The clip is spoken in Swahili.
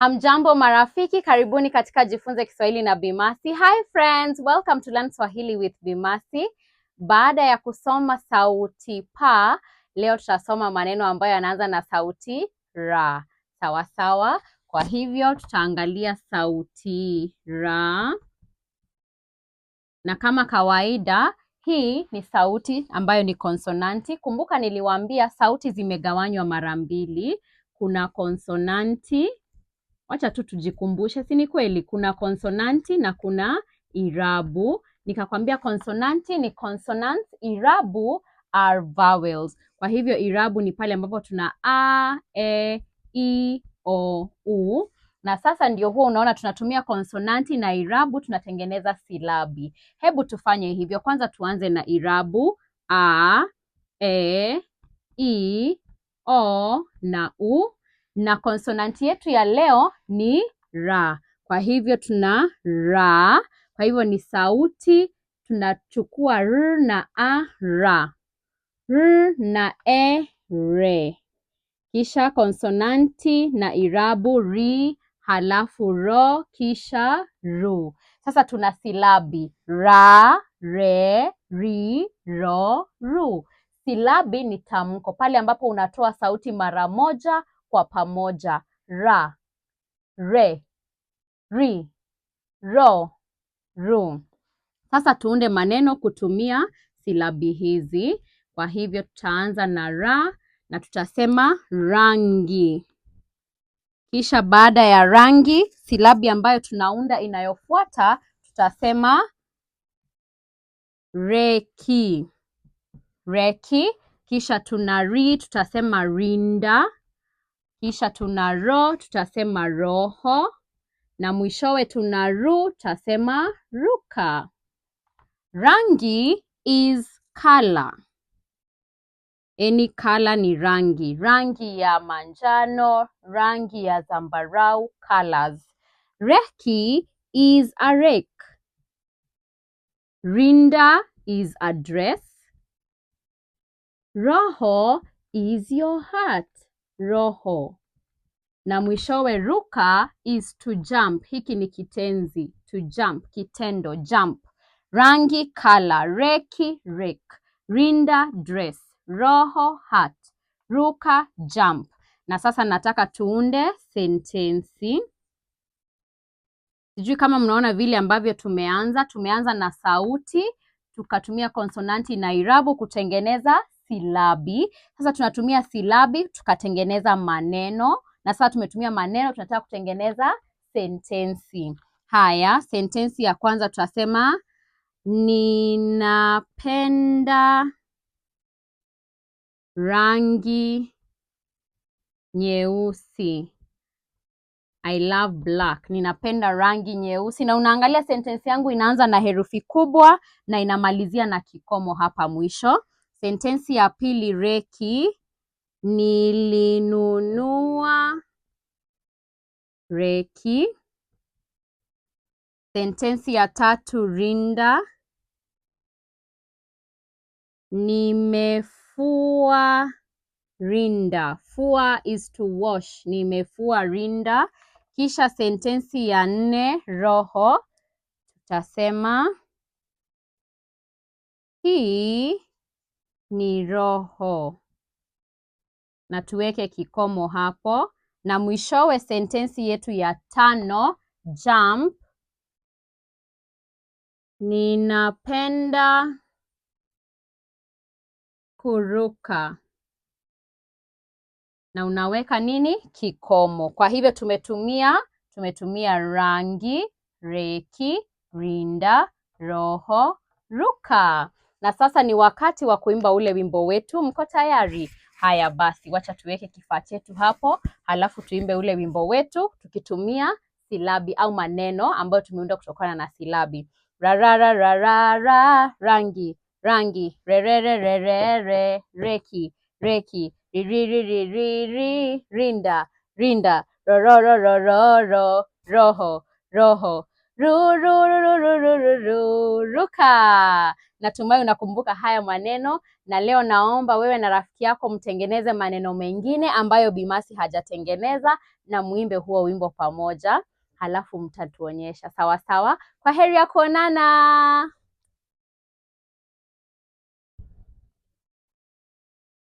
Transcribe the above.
Hamjambo marafiki, karibuni katika Jifunze Kiswahili na Bimasi. Hi friends, welcome to Learn Swahili with Bimasi. Baada ya kusoma sauti pa, leo tutasoma maneno ambayo yanaanza na sauti ra. Sawa sawa. Kwa hivyo tutaangalia sauti ra, na kama kawaida hii ni sauti ambayo ni konsonanti. Kumbuka niliwaambia sauti zimegawanywa mara mbili, kuna konsonanti wacha tu tujikumbushe, si ni kweli? Kuna konsonanti na kuna irabu. Nikakwambia konsonanti ni consonants, irabu are vowels. Kwa hivyo irabu ni pale ambapo tuna a, e, i, o, u na sasa ndio huo unaona tunatumia konsonanti na irabu tunatengeneza silabi. Hebu tufanye hivyo. Kwanza tuanze na irabu a, e, i, o na u na konsonanti yetu ya leo ni ra. Kwa hivyo tuna ra, kwa hivyo ni sauti tunachukua r na a ra, r na e re, kisha konsonanti na irabu ri, halafu ro, kisha ru. Sasa tuna silabi ra, re, ri, ro, ru. Silabi ni tamko pale ambapo unatoa sauti mara moja kwa pamoja: ra, re, ri, ro, ru. Sasa tuunde maneno kutumia silabi hizi. Kwa hivyo tutaanza na ra na tutasema rangi. Kisha baada ya rangi, silabi ambayo tunaunda inayofuata tutasema reki. Reki, kisha tuna ri, tutasema rinda. Kisha tuna ro, tutasema roho na mwishowe tuna ru, tutasema ruka. Rangi is color. eni color ni rangi, rangi ya manjano, rangi ya zambarau, colors. Reki is a rek Rinda is a dress. Roho is your heart roho na mwishowe ruka is to jump. Hiki ni kitenzi to jump, kitendo jump. Rangi kala, reki rek, rinda dress, roho hat, ruka jump. Na sasa nataka tuunde sentensi. Sijui kama mnaona vile ambavyo tumeanza. Tumeanza na sauti tukatumia konsonanti na irabu kutengeneza silabi. Sasa tunatumia silabi tukatengeneza maneno, na sasa tumetumia maneno, tunataka kutengeneza sentensi. Haya, sentensi ya kwanza tutasema ninapenda rangi nyeusi. I love black. Ninapenda rangi nyeusi. Na unaangalia sentensi yangu inaanza na herufi kubwa na inamalizia na kikomo hapa mwisho. Sentensi ya pili reki, nilinunua reki. Sentensi ya tatu rinda, nimefua rinda. Fua is to wash. Nimefua rinda. Kisha sentensi ya nne roho, tutasema hii ni roho na tuweke kikomo hapo, na mwishowe sentensi yetu ya tano jump, ninapenda kuruka na unaweka nini? Kikomo. Kwa hivyo tumetumia tumetumia rangi, reki, rinda, roho, ruka na sasa ni wakati wa kuimba ule wimbo wetu. Mko tayari? Haya basi, wacha tuweke kifaa chetu hapo, halafu tuimbe ule wimbo wetu tukitumia silabi au maneno ambayo tumeunda kutokana na silabi. rarara rangi rangi, rererererere, reki reki, riririririri, rinda rinda, rorororororo, roho roho ruka. Natumai unakumbuka haya maneno, na leo naomba wewe na rafiki yako mtengeneze maneno mengine ambayo Bimasi hajatengeneza na mwimbe huo wimbo pamoja, halafu mtatuonyesha sawa sawa. Kwa heri ya kuonana.